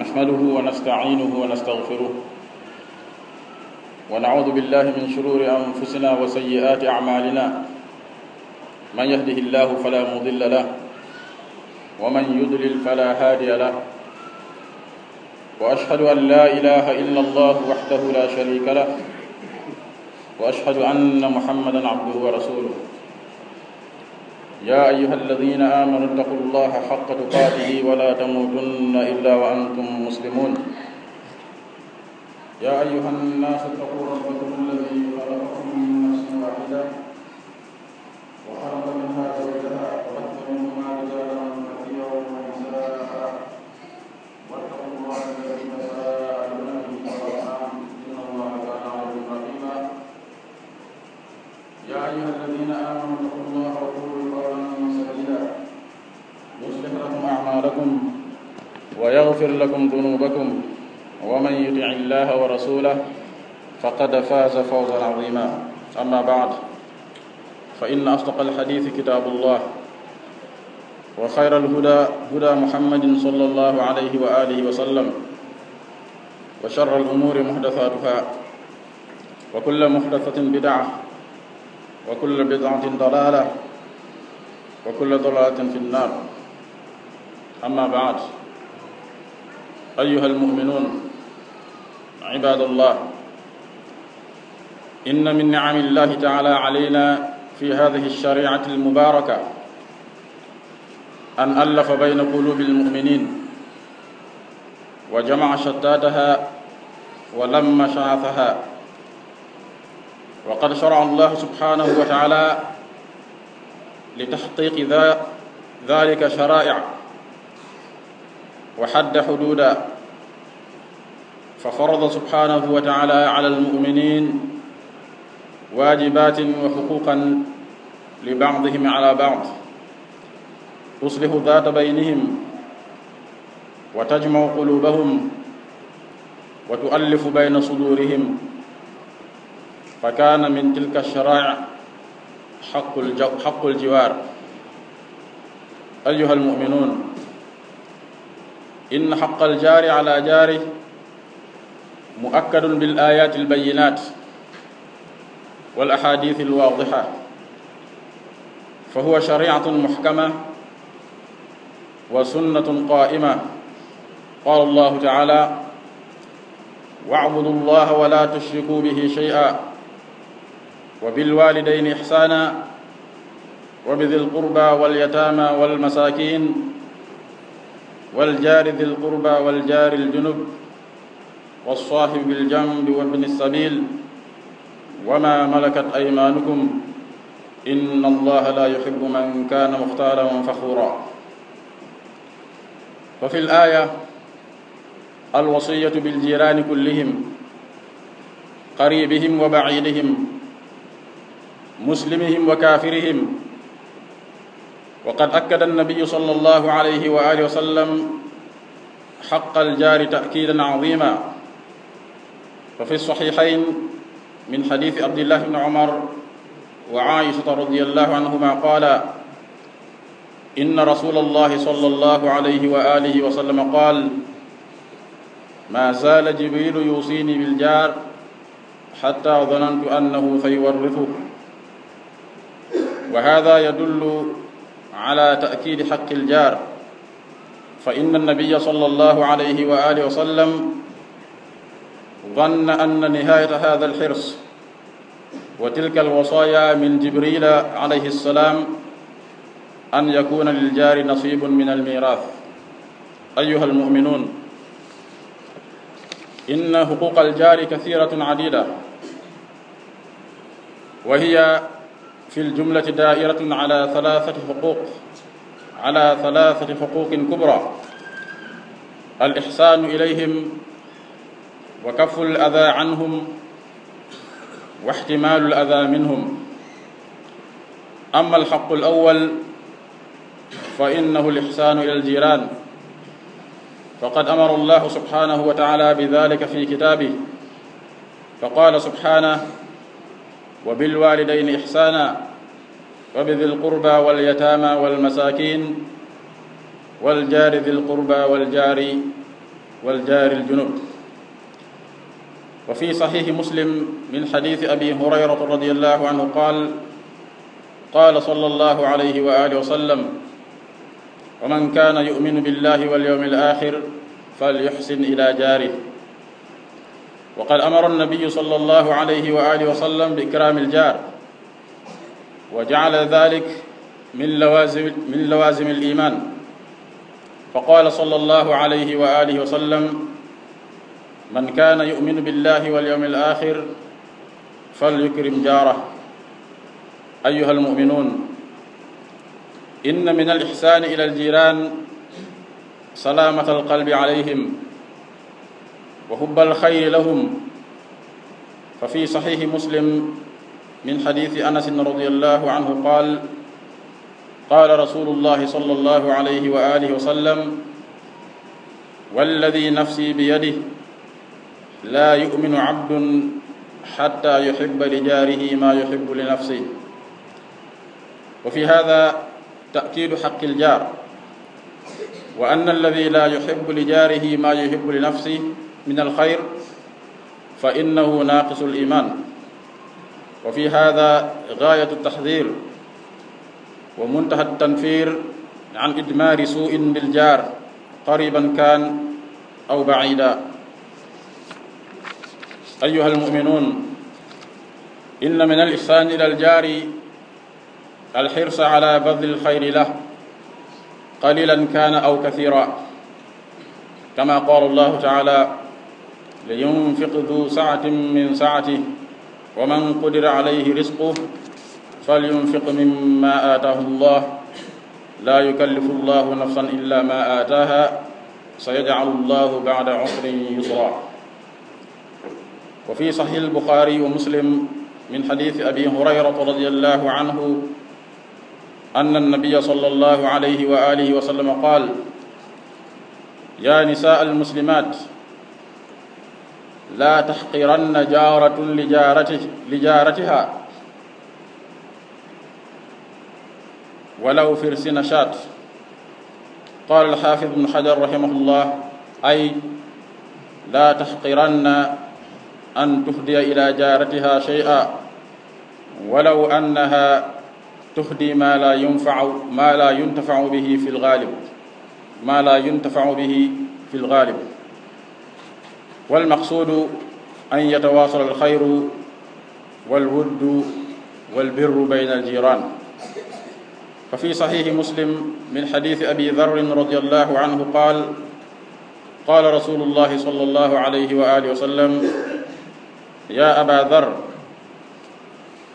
نحمده ونستعينه ونستغفره ونعوذ بالله من شرور أنفسنا وسيئات أعمالنا من يهده الله فلا مضل له ومن يضلل فلا هادي له وأشهد أن لا إله إلا الله وحده لا شريك له وأشهد أن محمدا عبده ورسوله يا أيها الذين آمنوا اتقوا الله حق تقاته ولا تموتن إلا وأنتم مسلمون يا أيها الناس اتقوا ربكم الذي خلقكم من نفس واحدة وخلق منها زوجها وبث منهما رجالا كثيرا ونساء واتقوا الله الذي تساءلون به والأرحام إن الله كان عليكم رقيبا يا أيها الذين أعمالكم ويغفر لكم ذنوبكم ومن يطع الله ورسوله فقد فاز فوزا عظيما أما بعد فإن أصدق الحديث كتاب الله وخير الهدى هدى محمد صلى الله عليه وآله وسلم وشر الأمور محدثاتها وكل محدثة بدعة وكل بدعة ضلالة وكل ضلالة في النار أما بعد أيها المؤمنون عباد الله إن من نعم الله تعالى علينا في هذه الشريعة المباركة أن ألف بين قلوب المؤمنين وجمع شتاتها ولم شعثها وقد شرع الله سبحانه وتعالى لتحقيق ذلك شرائع وحد حدودا ففرض سبحانه وتعالى على المؤمنين واجبات وحقوقا لبعضهم على بعض تصلح ذات بينهم وتجمع قلوبهم وتؤلف بين صدورهم فكان من تلك الشرائع حق الجو حق الجوار أيها المؤمنون إن حق الجار على جاره مؤكد بالآيات البينات والأحاديث الواضحة فهو شريعة محكمة وسنة قائمة قال الله تعالى واعبدوا الله ولا تشركوا به شيئا وبالوالدين إحسانا وبذي القربى واليتامى والمساكين والجار ذي القربى والجار الجنب والصاحب بالجنب وابن السبيل وما ملكت أيمانكم إن الله لا يحب من كان مختالا فخورا وفي الآية الوصية بالجيران كلهم قريبهم وبعيدهم مسلمهم وكافرهم وقد أكد النبي صلى الله عليه وآله وسلم حق الجار تأكيدا عظيما ففي الصحيحين من حديث عبد الله بن عمر وعائشة رضي الله عنهما قال إن رسول الله صلى الله عليه وآله وسلم قال ما زال جبريل يوصيني بالجار حتى ظننت أنه سيورثه وهذا يدل على تأكيد حق الجار فإن النبي صلى الله عليه وآله وسلم ظن أن نهاية هذا الحرص وتلك الوصايا من جبريل عليه السلام أن يكون للجار نصيب من الميراث أيها المؤمنون إن حقوق الجار كثيرة عديدة وهي fi ljumlati daa'iratun ala thalathati huquq ala thalathati huquqin kubra alixsaanu ilayhim wa kafu aladaa anhum wa ixtimaalu aladaa minhum amma alxaqu alawal fa innahu alixsaanu ila aljiiraan faqad amara allahu subhanahu wa taala bidalika fi kitaabihi fa qaala subhanahu وبالوالدين إحسانا وبذي القربى واليتامى والمساكين والجار ذي القربى والجار والجار الجنوب وفي صحيح مسلم من حديث أبي هريرة رضي الله عنه قال قال صلى الله عليه وآله وسلم ومن كان يؤمن بالله واليوم الآخر فليحسن إلى جاره وقد أمر النبي صلى الله عليه وآله وسلم بإكرام الجار وجعل ذلك من لوازم, من لوازم الإيمان فقال صلى الله عليه وآله وسلم من كان يؤمن بالله واليوم الآخر فليكرم جاره أيها المؤمنون إن من الإحسان إلى الجيران سلامة القلب عليهم وحب الخير لهم ففي صحيح مسلم من حديث انس رضي الله عنه قال قال رسول الله صلى الله عليه واله وسلم والذي نفسي بيده لا يؤمن عبد حتى يحب لجاره ما يحب لنفسه وفي هذا تاكيد حق الجار وان الذي لا يحب لجاره ما يحب لنفسه من الخير فإنه ناقص الإيمان وفي هذا غاية التحذير ومنتهى التنفير عن إدمار سوء بالجار قريبا كان أو بعيدا أيها المؤمنون إن من الإحسان إلى الجار الحرص على بذل الخير له قليلا كان أو كثيرا كما قال الله تعالى لينفق ذو سعة من سعته ومن قدر عليه رزقه فلينفق مما آتاه الله لا يكلف الله نفسا إلا ما آتاها سيجعل الله بعد عسر يسرا وفي صحيح البخاري ومسلم من حديث أبي هريرة رضي الله عنه أن النبي صلى الله عليه وآله وسلم قال يا نساء المسلمات laa taxqiranna jaaratun li jaarati li jaaratiha walaw firsi nashaat qaala alxaafid ibnu xajar rahimahullah ay laa taxqiranna an tuxdiya ila jaaratiha shay'a walaw annaha tuxdi maa laa yunfaau maa laa yuntafaau bihi fi lgaalib maa laa yuntafaau bihi fi lgaalib walmaqsuudu an yatawaasal alxayru walwuddu walbirru bayna aljiran fa fi saxiixi muslim min xadiisi abi darrin radiyallahu anhu qaal qaala rasulullahi sallallahu alayhi wa aalihi wa sallam yaa aba dar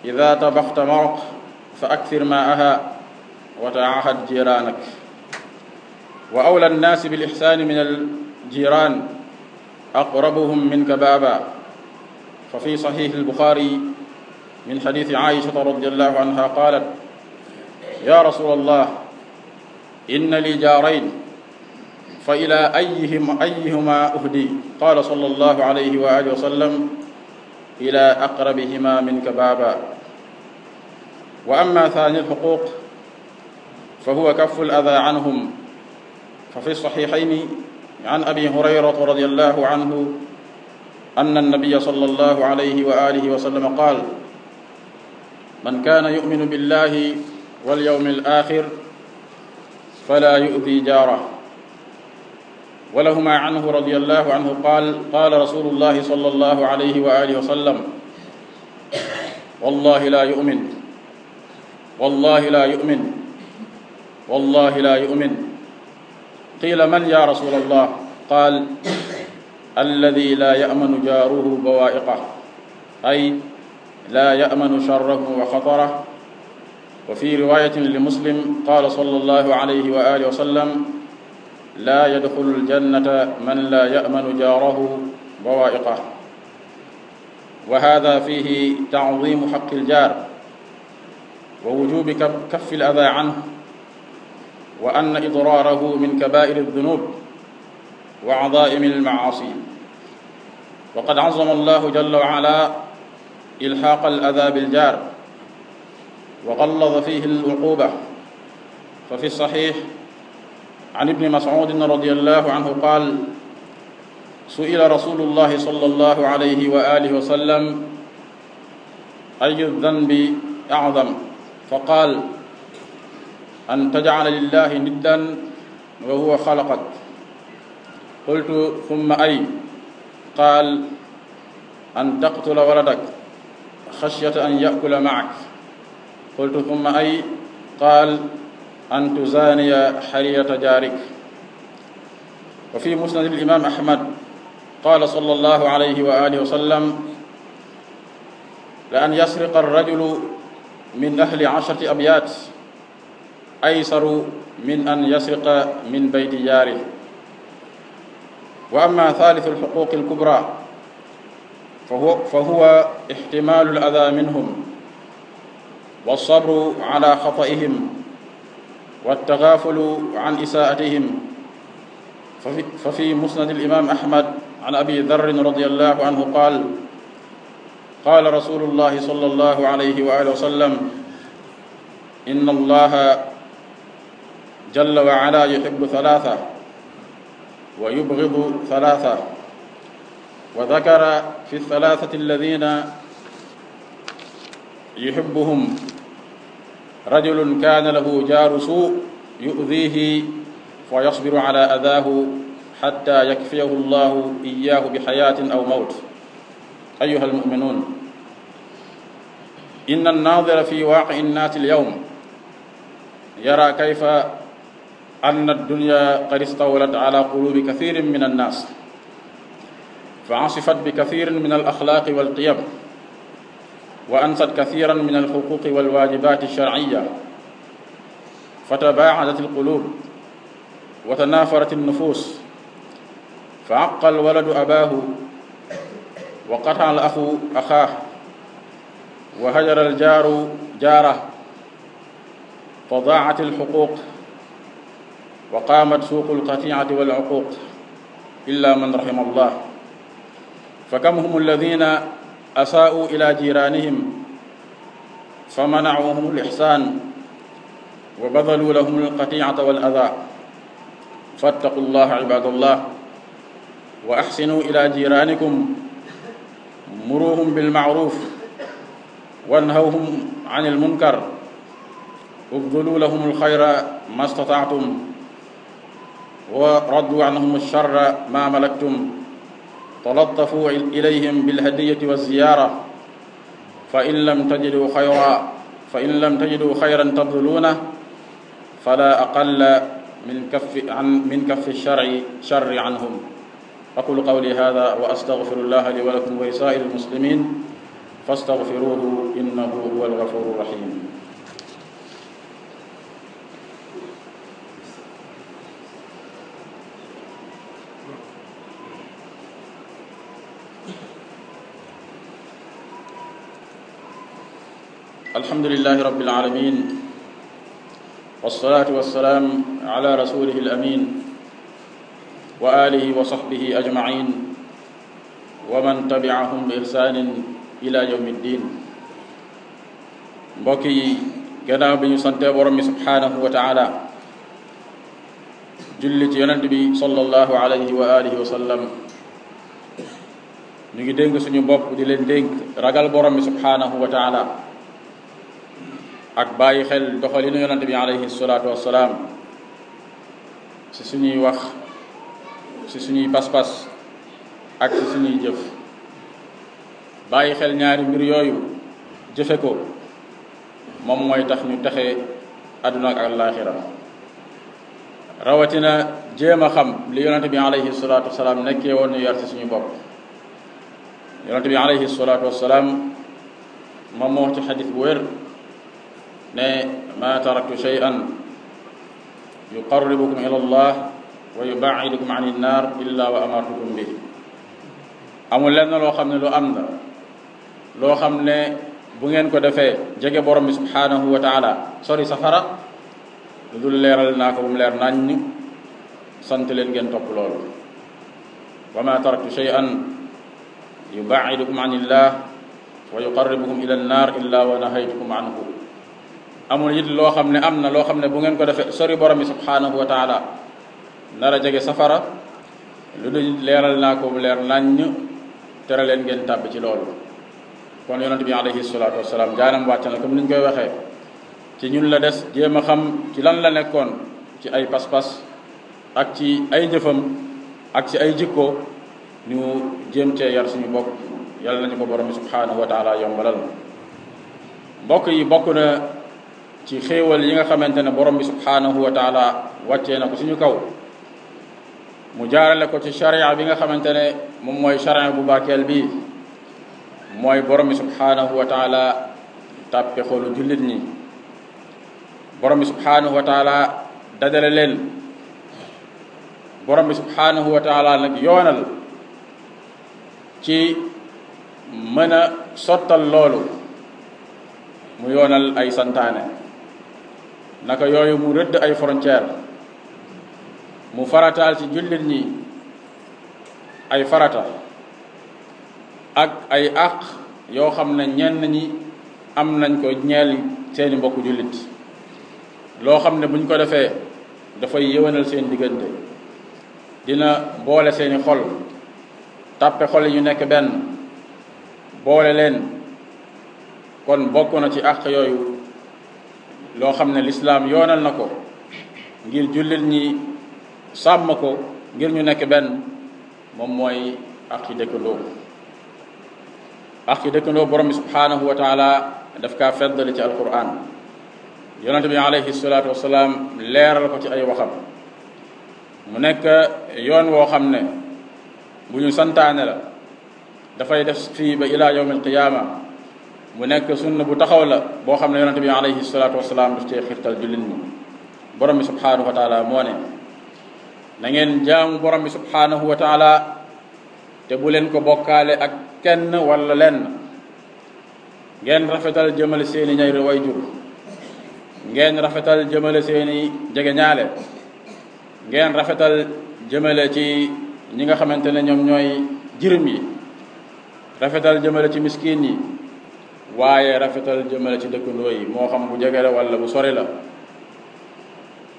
ida tabaxta maraq fa akthir maaha wa taahad jiraanak wa awla annaasi bilixsaani min aljiran أقربهم منك بابا ففي صحيح البخاري من حديث عائشة رضي الله عنها قالت يا رسول الله إن لي جارين فإلى أيهم أيهما أهدي قال صلى الله عليه وآله وسلم إلى أقربهما منك بابا وأما ثاني الحقوق فهو كف الأذى عنهم ففي الصحيحين عن أبي هريرة رضي الله عنه أن النبي صلى الله عليه وآله وسلم قال من كان يؤمن بالله واليوم الآخر فلا يؤذي جاره ولهما عنه رضي الله عنه قال قال رسول الله صلى الله عليه وآله وسلم والله لا يؤمن والله لا يؤمن والله لا يؤمن قيل من يا رسول الله قال الذي لا يأمن جاره بوائقه أي لا يأمن شره وخطره وفي رواية لمسلم قال صلى الله عليه وآله وسلم لا يدخل الجنة من لا يأمن جاره بوائقه وهذا فيه تعظيم حق الجار ووجوب كف الأذى عنه wa anna idraarahu min kabaa'iri ad-dunuub wa cadaa'imi al-macaasi wa qad cazama allahu jalla wa calaa ilhaaqa al-adaa bil-jaar wa qallada fiihi al-cuquuba fa fi saxiix can ibni mascuudin radia allahu canhu qaal su'ila rasulu llahi sala allahu alayhi wa aalihi wa sallam ayu danbi acdam fa qaal an tajcala lillahi niddan wa huwa xalaqak qultu summa ay qaal an taqtula waladak xashyata an yakula maak qultu summa ay qaal an tuzaaniya xariyata jaarik wa fi musnad al-imaam ahmad qaala sallallahu alayhi wa aalihi wa sallam la an yasriqa ar-rajulu min ahli ashrati abyaat aysaru min an yasriqa min bayti jaari wa amma thalithu alxuquqi alkubra fa huwa ixtimalu alada minhum walsabru ala xataihim waltagafulu an isaatihim fa fi musnad alimam ahmad an abi darrin radi allahu anhu qaal qaala rasulu llahi sala allahu alayhi wa alihi wa sallam inna allaha jalla wa ala yuhibbu thalatha wa yubghidu thalatha wa dhakara fi thalathati alladhina yuhibbuhum rajulun kana lahu jaaru suu yu'dhihi fa yasbiru ala adhahu xatta yakfiyahu llahu iyahu bi xayatin aw mawt ayuha almuminun inna annadira fi waaqi nnaasi alyawm yara kayfa أن الدنيا قد استولت على قلوب كثير من الناس فعصفت بكثير من الأخلاق والقيم وأنست كثيرا من الحقوق والواجبات الشرعية فتباعدت القلوب وتنافرت النفوس فعق الولد أباه وقطع الأخ أخاه وهجر الجار جاره فضاعت الحقوق wa qaamat suuqu alqatiicati walcuquuq illa man raxima allah fa kam hum alladina asaa'uu ila jiiraanihim fa manacuuhum alixsaan wa badaluu lahum alqatiicata waladaa fattaqu allaha cibaadallah wa axsinuu ila jiiraanikum muruuhum bilmacruuf wanhawhum can almunkar ubduluu lahum alxayra ma istatactum وردوا عنهم الشر ما ملكتم تلطفوا إليهم بالهدية والزيارة فإن لم تجدوا خيرا فإن لم تجدوا خيرا تبذلونه فلا أقل من كف عن من كف الشرع شر عنهم أقول قولي هذا وأستغفر الله لي ولكم ولسائر المسلمين فاستغفروه إنه هو الغفور الرحيم alhamdulillahi rabbil alamin والصلاة والسلام على رسوله الأمين وآله وصحبه أجمعين ومن تبعهم بإحسان إلى يوم الدين mbokk yi gannaaw bi ñu sante borom bi subhaanahu wa taala julli ci yonent bi sallallahu alayhi wa alihi wa sallam ñu ngi dénk suñu bopp di leen dénk ragal borom bi subhaanahu wa taala ak bàyyi xel doxalinu yonante bi alayhi salaatu wassalaam ci suñuy wax ci suñuy pas-pas ak ci suñuy jëf bàyyi xel ñaari mbir yooyu jëfe ko moom mooy tax ñu texe àdduna ak àllaaxira rawatina jéem a xam li yonante bi alayhi salaatu wassalaam nekkee woon ñu yar ci suñu bopp yonante bi alayhi salaatu salaam moom moo wax ci bu wér ne ma taraktu shay'an yuqarribukum ila allah wa yubaidukum an innar illa wa amartukum bi amul lenn loo xam ne lu am la loo xam ne bu ngeen ko defee jege borom bi subhanahu wa taala sori safara lu dul leeral naa ko bu mu leer naññ sant leen ngeen topp loolu wa ma taraktu shay'an yubaidukum an illah wa yuqarribukum ila annar illa wa nahaytukum anhu amul it loo xam ne am na loo xam ne bu ngeen ko defee sori borom bi subhaanahu wa taala nar a jege safara lu du leeral naa ko leer naññ tere leen ngeen tàbbi ci loolu kon yonent bi alayhi salaatu wasalaam jaanam wàcc na comme ni ñu koy waxee ci ñun la des jéem a xam ci lan la nekkoon ci ay pas-pas ak ci ay jëfam ak ci ay jikko ñu jéem cee yar suñu bopp yàlla nañu ko borom bi subhaanahu wa taala yombalal mbokk yi bokk na ci xéewal yi nga xamante ne borom bi subhaanahu wa taala wàccee na ko suñu kaw mu jaarale ko ci charia bi nga xamante ne moom mooy charia bu bàkkeel bi mooy borom bi subhaanahu wa taala tàppe xoolu jullit ñi borom bi subhaanahu wa taala dajale leen borom bi subhaanahu wa taala nag yoonal ci mën a sottal loolu mu yoonal ay santaane naka yooyu mu rëdd ay frontière mu farataal ci jullit ñi ay farata ak ay àq yoo xam ne ñenn ñi am nañ ko ñeel seeni mbokku jullit loo xam ne buñ ko defee dafay yëwanal seen diggante dina boole seeni xol tàppe xol yi nekk benn boole leen kon bokk na ci àq yooyu loo xam ne lislaam yoonal na ko ngir jullit ñi sàmm ko ngir ñu nekk benn moom mooy aqi dëkkandoo aqi dëkkandoo borom bi subhaanahu wa taala daf kaa feddali ci alquran yonente bi alayhi salaatu wasalaam leeral ko ci ay waxam mu nekk yoon woo xam ne bu ñu santaane la dafay def fii ba ilaa yawm alqiyaama mu nekk sunna bu taxaw la boo xam ne yonente bi alayhi salaatu wasalaam daf cee xirtal jullit ñi borom bi subhaanahu wa taala moo ne nangeen jaamu borom bi subhaanahu wa taala te bu leen ko bokkaale ak kenn wala leen ngeen rafetal jëmale seeni ñay way jur ngeen rafetal jëmale seeni jege ñaale ngeen rafetal jëmale ci ñi nga xamante ne ñoom ñooy jirim yi rafetal jëmale ci miskin yi waaye rafetal jëmale ci dëkkandoo yi moo xam bu jege la wala bu sore la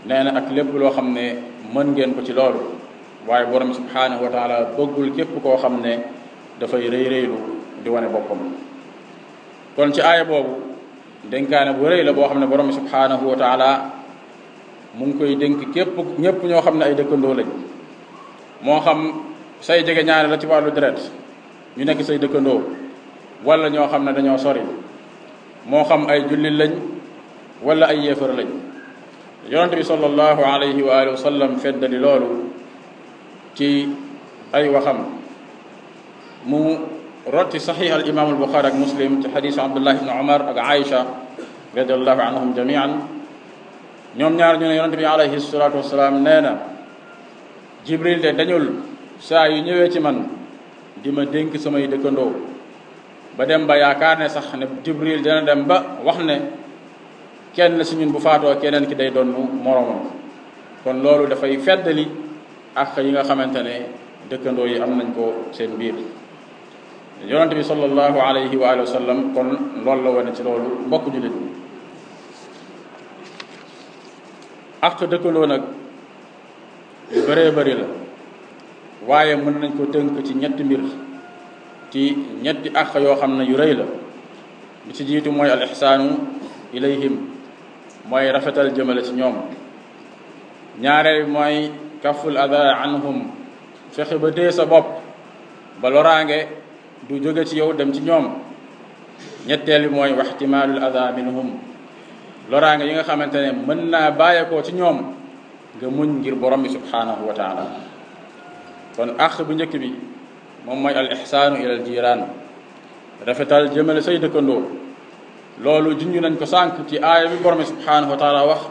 nee na ak lépp loo xam ne mën ngeen ko ci loolu waaye borom subhaanahu wa taala bëggul képp koo xam ne dafay rëy rëylu di wane boppam kon ci aaya boobu dénkaane bu rëy la boo xam ne borom subhaanahu wa taala mu ngi koy dénk képp ñépp ñoo xam ne ay dëkkandoo lañ moo xam say jege ñaare la ci wàllu deret ñu nekk say dëkkandoo wala ñoo xam ne dañoo sori moo xam ay jullit lañ wala ay yéefar lañ yonente bi sallallahu alayhi wa alihi wa sallam feddali loolu ci ay waxam mu rotti saxiix al imaam al buxaari ak muslim ci xadiis abdullah ibn umar ak aïcha radiallahu anhum jamian ñoom ñaar ñu ne yonente bi alayhi salatu wasalaam nee na jibril de dañul saa yu ñëwee ci man di ma dénk samay dëkkandoo ba dem ba yaakaar ne sax ne jibril dana dem ba wax ne kenn si ñun bu faatoo keneen ki day doon moroomam kon loolu dafay feddali ak yi nga xamante ne dëkkandoo yi am nañ ko seen biir yonente bi sallallahu alayhi wa alihi wa sallam kon loolu la wane ci loolu mbokk jullit ak dëkkandoo nag yu bëree bëri la waaye mën nañ ko tënk ci ñetti mbir ci ñetti àq yoo xam ne yu rëy la bi ci jiitu mooy al ixsaanu ilayhim mooy rafetal jëmale ci ñoom ñaareel mooy kaful ada anhum fexe ba tee sa bopp ba loraange du jóge ci yow dem ci ñoom ñetteel bi mooy waxtimaalul ada minhum loraange yi nga xamante ne mën naa bàyyeekoo ci ñoom nga muñ ngir borom bi subhaanahu wa kon àq bu njëkk bi moom mooy al ixsaanu ilal jiraan rafetal jëmale say dëkkandoo loolu junj nañ ko sànq ci aaya bi borom subhaanahu wa taala wax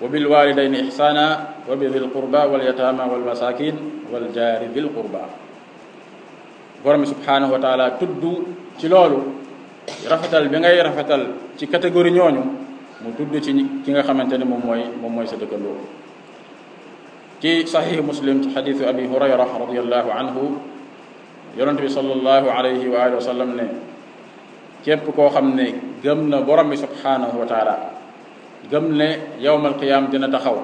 wa bil walidayni ixsaana wa bi dil qurba wal yataama wal masakin wal jaari dil qurba borom subhaanahu wa taala tudd ci loolu rafetal bi ngay rafetal ci catégorie ñooñu mu tudd ci ki nga xamante ne moom mooy moom mooy sa dëkkandoo ci saxiix muslim ci xadiisu abi hurayra radiallahu anhu yonent bi sallallahu alayhi wa alihi wa sallam ne képp koo xam ne gëm na borom bi subhanahu wa taala gëm ne yawmal qiyaam dina taxaw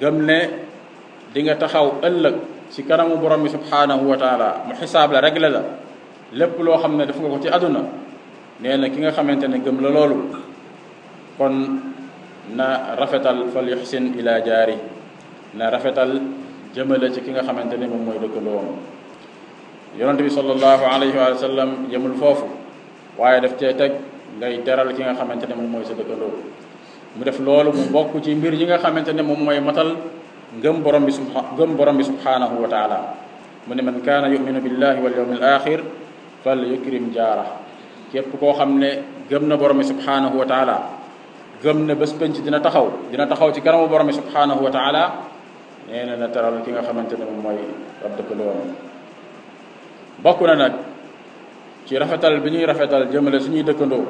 gëm ne di nga taxaw ëllëg ci kanamu borom bi subhanahu wa taala mu xisaab la régler la lépp loo xam ne def nga ko ci àdduna nee na ki nga xamante ne gëm la loolu kon na rafetal fal yuxsin ila jaari na rafetal jëmale ci ki nga xamante ne moom mooy dëkk loolu yonent bi sallallahu alayhi wa sallam yëmul foofu waaye daf cee teg ngay teral ki nga xamante ne moom mooy sa dëkkandoo mu def loolu mu bokk ci mbir yi nga xamante ne moom mooy matal ngëm borom bi subha ngëm borom bi subhaanahu wa taala mu ne man kaana yuminu billahi wal yawmil axir fal yukrim jaara képp koo xam ne gëm na borom bi subhaanahu wa taala gëm ne bés penc dina taxaw dina taxaw ci kanamu borom bi subhaanahu wa taala nee na na teral ki nga xamante ne moom mooy dëkkandoo bokk na nag ci rafetal bi ñuy rafetal jëmale suñuy dëkkandoo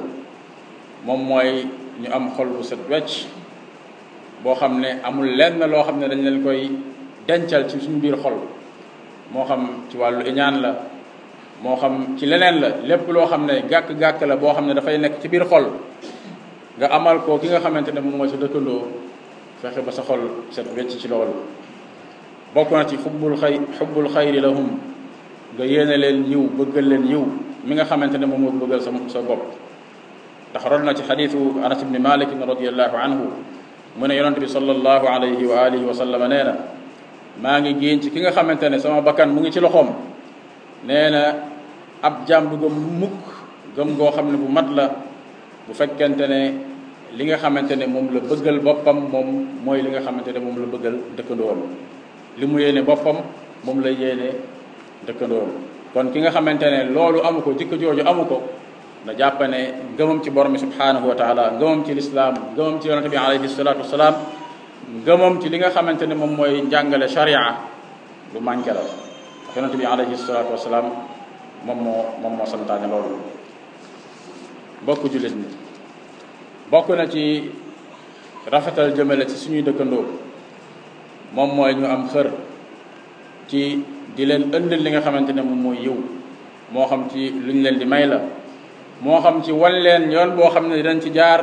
moom mooy ñu am xol bu set wecc boo xam ne amul lenn loo xam ne dañ leen koy dencal ci suñu biir xol moo xam ci wàllu iñaan la moo xam ci leneen la lépp loo xam ne gàkk-gàkk la boo xam ne dafay nekk ci biir xol nga amal ko ki nga xamante ne moom mooy sa dëkkandoo fexe ba sa xol set wecc ci loolu bokk na ci xubbul xay xubbul xayri nga yéene leen yiw bëggal leen yiw mi nga xamante ne moom moo bëggal sama sa bopp ndax rod na ci xadiisu anas ibni malik radiallahu anhu mu ne yonente bi sallallahu alayhi wa alihi wa sallama nee na maa ngi génn ci ki nga xamante ne sama bakkan mu ngi ci loxoom nee na ab jaam du gëm mukk gëm goo xam ne bu mat la bu fekkente ne li nga xamante ne moom la bëggal boppam moom mooy li nga xamante ne moom la bëggal dëkkandoom li mu yéene boppam moom la yéene dëkkandoo kon ki nga xamante ne loolu amu ko jikko jooju amu ko na jàpp ne ngëmam ci borom bi subhaanahu wa taala ngëmam ci lislaam ngëmam ci yonente bi alayhi salaatu wasalaam ngëmam ci li nga xamante ne moom mooy njàngale sharia lu manqué la ndax yonente bi alayhi salaatu wasalaam moom moo moom moo santaane loolu bokk jullit ñi bokk na ci rafetal jëmale ci suñuy dëkkandoo moom mooy ñu am xër ci di leen ëndil li nga xamante ne moom mooy yiw moo xam ci luñ leen di may la moo xam ci wan leen yoon boo xam ne dinañ ci jaar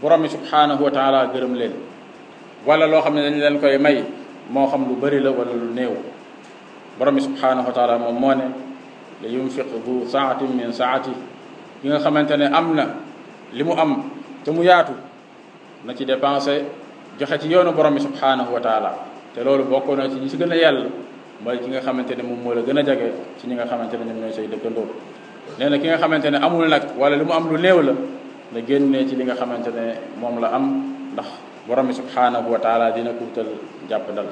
borom bi subhaanahu wa taala gërëm leen wala loo xam ne dañ leen koy may moo xam lu bari la wala lu néew borom bi subhaanahu wa taala moom moo ne la yunfiq du saatin min saati yi nga xamante ne am na li mu am te mu yaatu na ci dépensé joxe ci yoonu borom bi subhaanahu wa te loolu bokk na ci ñi si gën a yàlla mooy ki nga xamante ne moom moo la gën a jage ci li nga xamante ne ñoom ñooy say dëkkandoo nee na ki nga xamante ne amul nag wala lu mu am lu néew la na génnee ci li nga xamante ne moom la am ndax borom bi subhanahu wa taala dina kuutal jàpp dal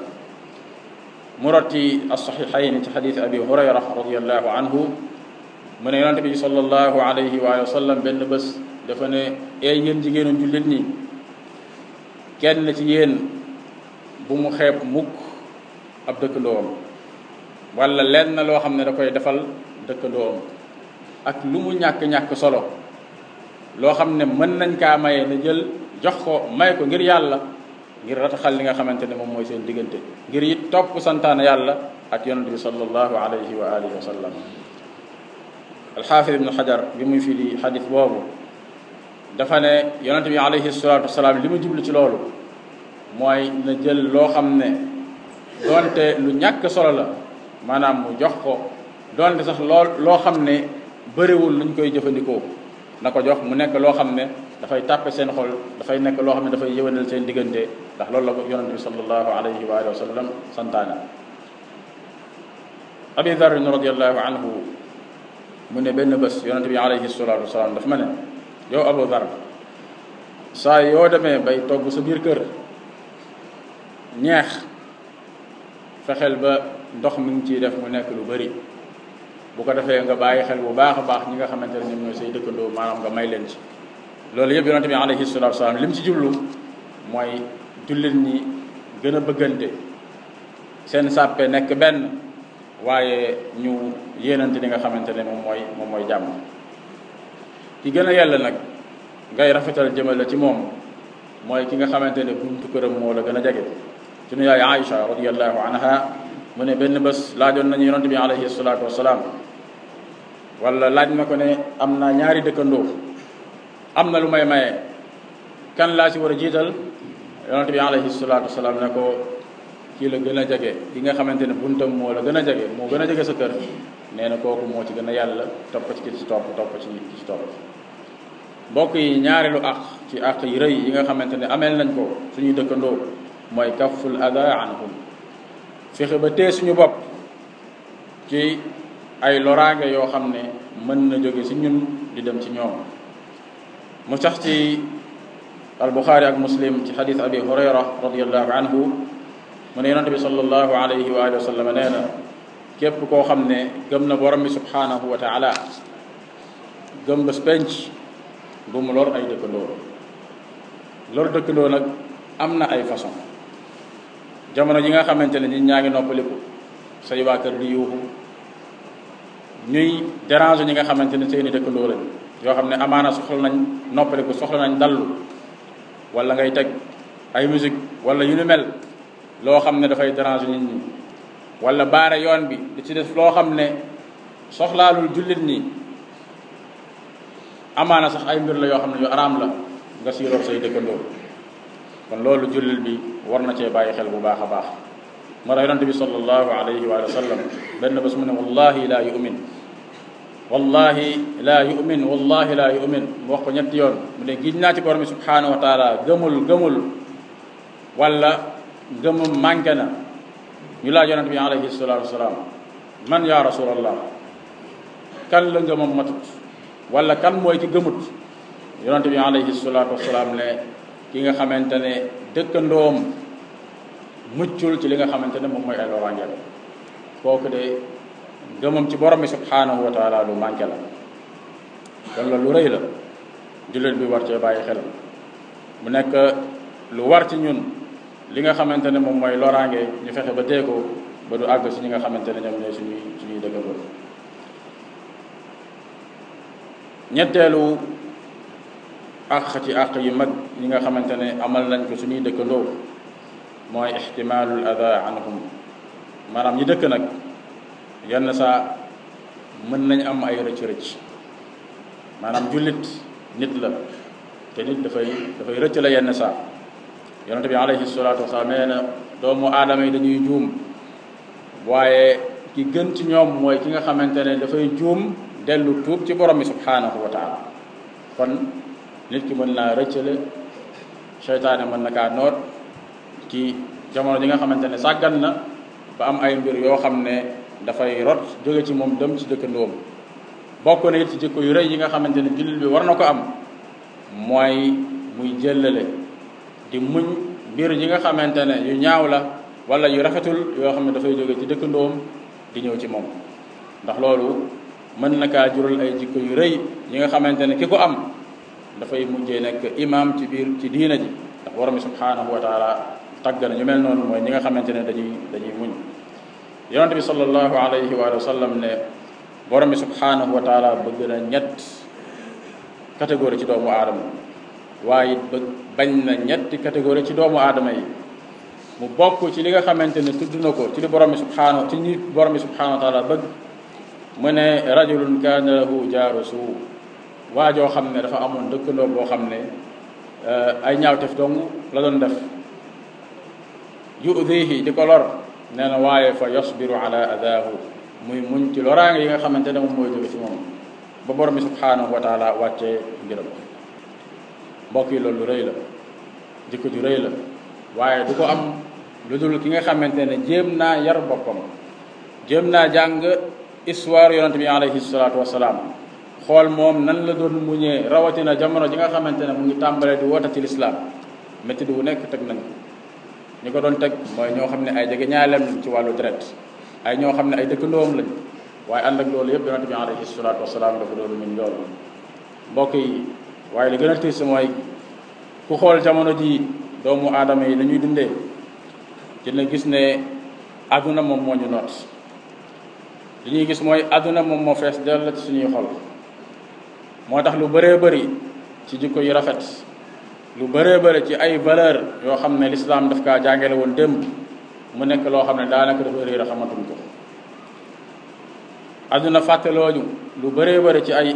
mu rot ci as-sahihayn ci xadis abi hurayra radiallahu anhu mu ne yonante bi sallallahu alayhi wa sallam benn bés dafa ne eey yéen jigéenu jullit ñi kenn ci yéen bu mu xeeb mukk ab dëkkandoom wala lenn loo xam ne da koy defal dëkkandoom ak lu mu ñàkk-ñàkk solo loo xam ne mën nañ kaa maye na jël jox ko may ko ngir yàlla ngir rataxal li nga xamante ne moom mooy seen diggante ngir it topp santaane yàlla ak yonent bi sallallahu alayhi wa alihi wa sallam alxaafid ibnu xajar muy fii di xadis boobu dafa ne yonent bi alayhi salatu wasalaam li mu jublu ci loolu mooy na jël loo xam ne doonte lu ñàkk solo la maanaam mu jox ko doon de sax lool loo xam ne bëriwul luñ koy jëfandikoo na ko jox mu nekk loo xam ne dafay tàppe seen xol dafay nekk loo xam ne dafay yëwanal seen diggante ndax loolu la ko yonente bi sallallahu alayhi wa alihi wa sallam santaane abi darrin radiallahu anhu mu ne benn bés yonente bi alayhi salatu wasalaam daf ma ne yow abu dar saa yoo demee bay togg sa biir kër ñeex fexeel ba ndox mu ngi ciy def mu nekk lu bari bu ko defee nga bàyyi xel bu baax a baax ñi nga xamante ne ñoom ñooy say dëkkandoo maanaam nga may leen loolu yëpp yonente bi alayhi salatu wasalaam li mu ci jublu mooy jullit ñi gën a bëggante seen sàppe nekk benn waaye ñu yéenante li nga xamante ne moom mooy moom mooy jàmm ki gën a yella nag ngay rafetal jëmale ci moom mooy ki nga xamante ne buntu këram moo la gën a jege sunu yaay Aïcha radiyallahu anha mu ne benn bés laajoon nañu yonent bi alayhi salaatu wasalaam wala laaj na ko ne am naa ñaari dëkkandoo am na lu may maye kan laa ci war a jiital yonent bi alayhi salaatu wasalaam ne ko kii la gën a jege ki nga xamante ne buntam moo la gën a jege moo gën a jege sa kër nee na kooku moo ci gën a yàlla topp ci ki ci topp topp ci ki ci topp mbokk yi ñaareelu àq ci àq yi rëy yi nga xamante ne ameel nañ ko suñuy dëkkandoo mooy kaful ada anhum fexe ba tee suñu bopp ci ay loraange yoo xam ne mën na jóge ci ñun di dem ci ñoom mu sax ci albuxaari ak muslim ci xadis abi hurayra radiallahu anhu mu ne yonente bi sallallahu alayhi wa alihi wa sallam nee na képp koo xam ne gëm na borom bi subhanahu wa taala gëm bés penc bu mu lor ay dëkkandoo lor dëkkandoo nag am na ay façon jamono ji nga xamante ne nit ñaa ngi noppaliku say waa kër di yuuxu ñuy dérange ñi nga xamante ne seeni dëkkandoo lañ yoo xam ne amaana soxla nañ noppaliku soxla nañ dallu wala ngay teg ay musique wala yu nu mel loo xam ne dafay dérange nit ñi wala baare yoon bi di ci def loo xam ne soxlaalul jullit ñi amaana sax ay mbir la yoo xam ne ñu araam la nga siiroog say dëkkandoo kon loolu jullit bi war na cee bàyyi xel bu baax a baax moo tax yonente bi sallallahu alayhi wa sallam benn bés mu ne wallahi laa yumin wallahi laa yumin wallahi laa yumin mu wax ko ñetti yoon mu ne giñ naa ci borom bi subhanahu wa taala gëmul gëmul wala gëmum manqué na ñu laaj yonente bi alayhi salatu wasalaam man ya rasulallah kan la ngëmam matut wala kan mooy ki gëmut yonente bi alayhi salatu wasalaam ne ki nga xamante ne dëkkandoom muccul ci li nga xamante ne moom mooy ay loraangeem kooku de ngëmam ci borom bi subhanahu wa taala lu manqué la kon la lu rëy la jullit bi war cee bàyyi xel mu nekk lu war ci ñun li nga xamante ne moom mooy loraange ñu fexe ba tee ko ba du àgg si ñi nga xamante ne ñoom ñooy suñuy suñuy dëkkandoo ñetteelu àq ci àq yu mag yi nga xamante ne amal nañ ko suñuy dëkkandoo mooy ixtimaalul ada anhum maanaam ñi dëkk nag yenn saa mën nañ am ay rëcc-rëcc maanaam jullit nit la te nit dafay dafay rëcc la yenn saa yonente bi alayhi salaatu wasalaam nee na doomu aadama yi dañuy juum waaye ki gën ci ñoom mooy ki nga xamante ne dafay juum dellu tuub ci borom bi subhaanahu wa nit ki mën naa rëccale seytaane mën na kaa noot ci jamono ji nga xamante ne sàggan na ba am ay mbir yoo xam ne dafay rot jóge ci moom dem ci dëkkandoom bokk na it ci jikko yu rëy yi nga xamante ne jullit bi war na ko am mooy muy jëllale di muñ mbir yi nga xamante ne yu ñaaw la wala yu rafetul yoo xam ne dafay jóge ci dëkkandoom di ñëw ci moom ndax loolu mën ki ko am dafay mujjee nekk imam ci biir ci diina ji ndax borom bi subhaanahu wa taala tàgg na ñu mel noonu mooy ñi nga xamante ne dañuy dañuy muñ yonente bi sallallahu alayhi wa sallam ne borom bi subhaanahu wa taala bëgg na ñett catégorie ci doomu aadama waaye it bëgg bañ na ñetti catégorie ci doomu aadama yi mu bokk ci li nga xamante ne tudd na ko ci li borom bi subhaanahu ci borom bi subhaanahu wa taala bëgg mu ne rajulun kaana lahu jaaru waajoo xam ne dafa amoon dëkkandoo boo xam ne eh, ay ñaawteef dong la doon def yudihi di ko lor nee na waaye fa yasbiru ala adaahu muy muñ ci loraange yi nga xamante ne moom mooy jóge ci moom ba borom bi subhaanahu wa taala wàccee ngërëm mbokk yi loolu rëy la jikko ju rëy la waaye du ko am lu dul ki nga xamante ne jéem naa yar boppam jéem naa jàng histoire yonante bi alayhi salaatu wasalaam xool moom nan la doon muñee rawatina jamono ji nga xamante ne mu ngi tàmbalee di woote ci lislaam métti bu nekk teg nañ ñi ko doon teg mooy ñoo xam ne ay jege ñaaleem lañ ci wàllu dret ay ñoo xam ne ay dëkkandoom lañ waaye ànd ak loolu yëpp yonente bi alayhi salaatu wasalaam dafa doon muñ loolu mbokk yi waaye li gën a tiis mooy ku xool jamono ji doomu aadama yi dañuy dundee dina gis ne àdduna moom moo ñu noot li ñuy gis mooy àdduna moom moo fees dell ci suñuy xol moo tax lu bëree bëri ci jikko yu rafet lu bëree bëri ci ay valeur yoo xam ne l'islam daf kaa jàngale woon démb mu nekk loo xam ne daanaka dafa réer a xamatuñ ko adduna fàttalooñu lu bëree bëri ci ay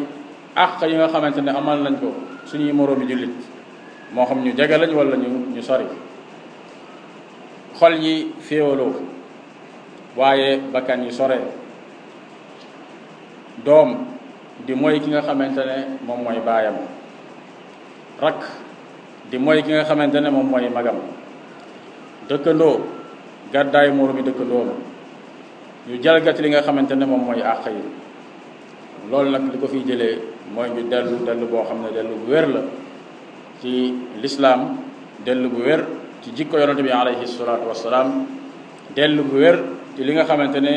àq yi nga xamante ne amal nañ ko suñuy moroomi jullit moo xam ñu jege lañ wala ñu ñu sori xol yi féewaloo waaye bakkan yi sore doom di mooy ki nga xamante ne moom mooy baayam rakk di mooy ki nga xamante ne moom mooy magam dëkkandoo gàddaay moromi dëkkandoo ñu jalgati li nga xamante ne moom mooy àq yi loolu nag li ko fi jëlee mooy ñu dellu dellu boo xam ne dellu bu wér la ci lislaam dellu bu wér ci jikko yonente bi alayhi salaatu wassalaam dellu bu wér ci li nga xamante ne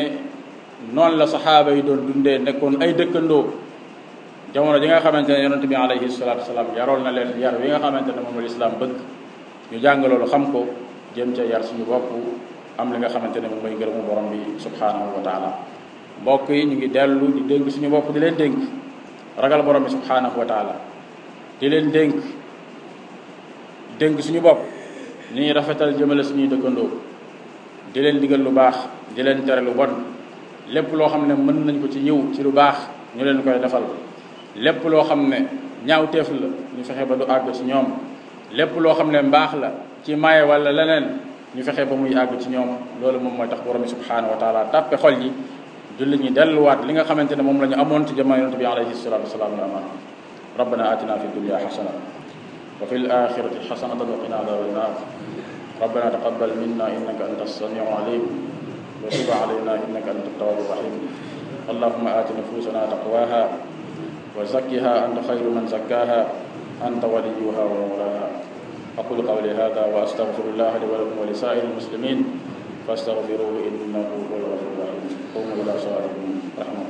noonu la saxaaba yi doon dundee nekkoon ay dëkkandoo jamono ji nga xamante ne yonent bi alayhi salaatu salaam yaroon na leen yar wi nga xamante ne moom lislaam bëgg ñu jàng loolu xam ko jëm ca yar suñu bopp am li nga xamante ne moom mooy ngërëmu borom bi subhaanahu wa taala mbokk yi ñu ngi dellu di dénk suñu bopp di leen dénk ragal borom bi subhaanahu wa taala di leen dénk dénk suñu bopp ni ñuy rafetal jëmale suñuy dëkkandoo di leen digal lu baax di leen tere lu bon lépp loo xam ne mën nañ ko ci yiw ci lu baax ñu leen koy defal lépp loo xam ne ñaawteef la ñu fexe ba du àgg ci ñoom lépp loo xam ne mbaax la ci maye wala leneen ñu fexe ba muy àgg ci ñoom loolu moom mooy tax borom bi subhaanahu wa taala tàppe xol yi julli ñi delluwaat li nga xamante ne moom lañu amoon ti jamono yonent bi alayhi salaatu wasalaam ñu amaan rabbana atina fi dunya xasana wa fi l axirati xasanatan wa qina adaaban naar rabbana taqabbal minna innaka anta as-samiu alim wa tub وزكها أنت خير من زكاها أنت وليها ومولاها أقول قولي هذا وأستغفر الله لي ولكم ولسائر المسلمين فاستغفروه إنه هو الغفور الرحيم قوموا إلى صلاتكم رحمة